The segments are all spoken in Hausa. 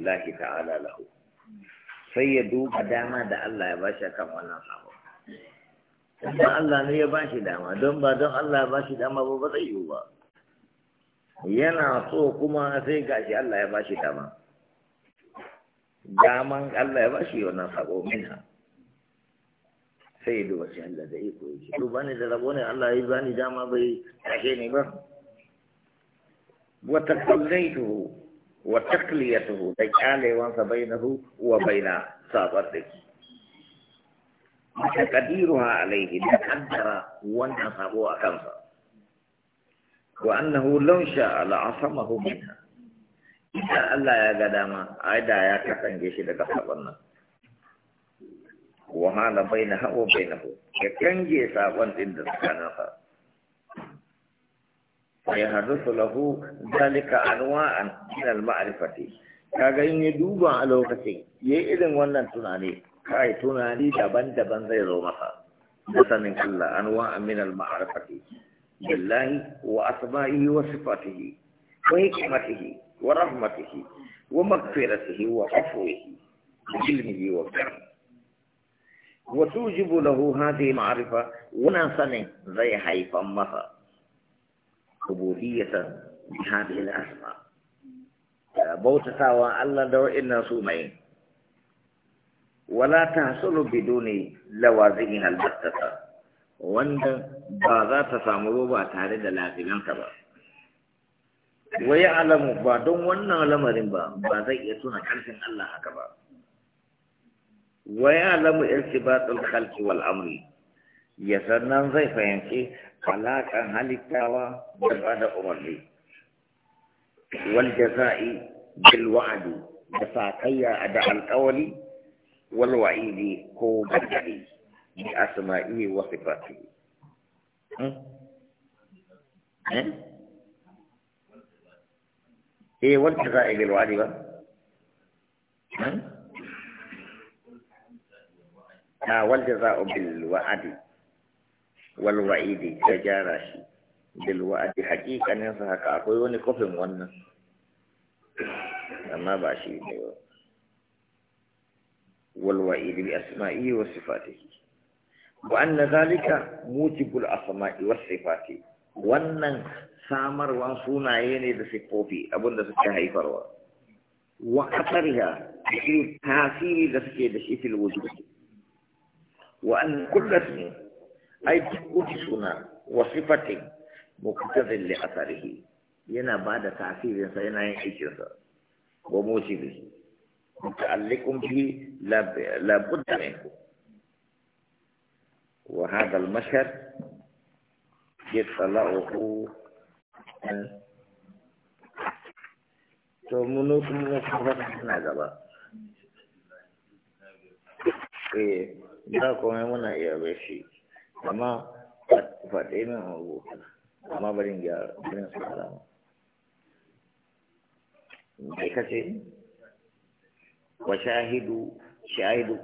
الله تعالى له سيدوك داما دا الله يباشا كم وانا صعبه dan Allah ne ya bashi dama don ba don Allah ya bashi dama ba ba zai yiwu ba yana so kuma sai gashi Allah ya bashi shi dama daman Allah ya bashi shi wannan sabo minha sai duba shi Allah da iko yake Duba ne da rabo ne Allah ya bani dama bai tashe ni ba wa taqallaitu wa takliyatuhu da kyalewansa bainahu wa baina sabar da shi mutaqaddiruha alayhi da kaddara wannan sabo a kansa wa annahu law sha'a la'asamahu minha idan Allah ya ga dama ai da ya kasance shi daga sabon nan wa hala bainahu wa bainahu ya kange sabon ɗin da tsakaninsa ويحدث له ذلك أنواعا من المعرفة kaga in ya duba a lokacin ya yi irin wannan tunani kai tunani daban-daban zai zo masa da sanin Allah an wa amin al-ma'arifati billahi wa asma'ihi wa sifatihi wa hikmatihi wa rahmatihi wa maghfiratihi wa afwihi wa ilmihi wa karam wa tujibu lahu hadhihi ma'rifa wa sanin zai haifan masa عبودية بهذه الأسماء بوتتاوى الله دو إنا سومين ولا تحصل بدون لوازمها البتة وند بعضا تسامروا بأتاري دلازمان تبا ويعلم بعدون وانا لمرين با بعضا يتونا كالسن الله كبا ويعلم ارتباط الخلق والأمر يسرنا زي فهمتي alaƙan halittawa da berada da umarni wal jaza'i bil wa'adi kaya ada al alƙawari wal wa'idi ku gargaɗi Di asma'i wa sifati eh Eh? Eh, wal jaza'i bil wa'adi ba ha wal jaza'u bil wa'adi Eh? والوعيد تجارشي بالوعد حقيقة نفسها كأقوي وني كفي مونا أما باشي نيو والوعيد بأسمائه وصفاته وأن ذلك موجب الأسماء والصفات وأن سامر وانسونا يني دسي قوبي أبون دسي كهي فروا وأثرها تأثير دسي دسي في الوجود وأن كل اسم ai duk suna wa sifatin muqtadin li asarihi yana ba da tasirinsa sa yana yin ba sa wa mujibi muta'alliqun bi la budda ku. wa Mashar, al mashhad yatla'uhu to munu kuma kuma na gaba eh da kuma muna iya bashi amma faɗe min hango amma barin gyara barin su kace wa shahidu shahidu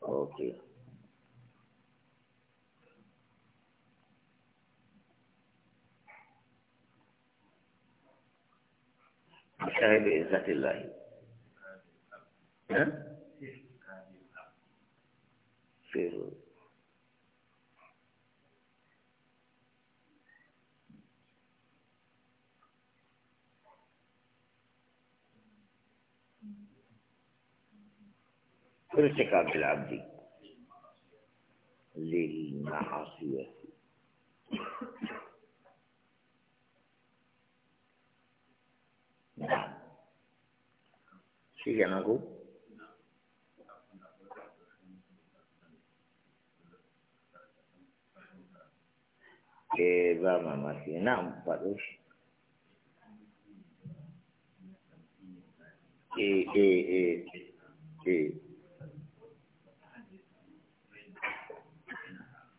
ok شاهد عزة الله في في العبد للمعاصية نعم شيء أنا أقول Eh, ما masih nak empat tu. إيه إيه eh, eh.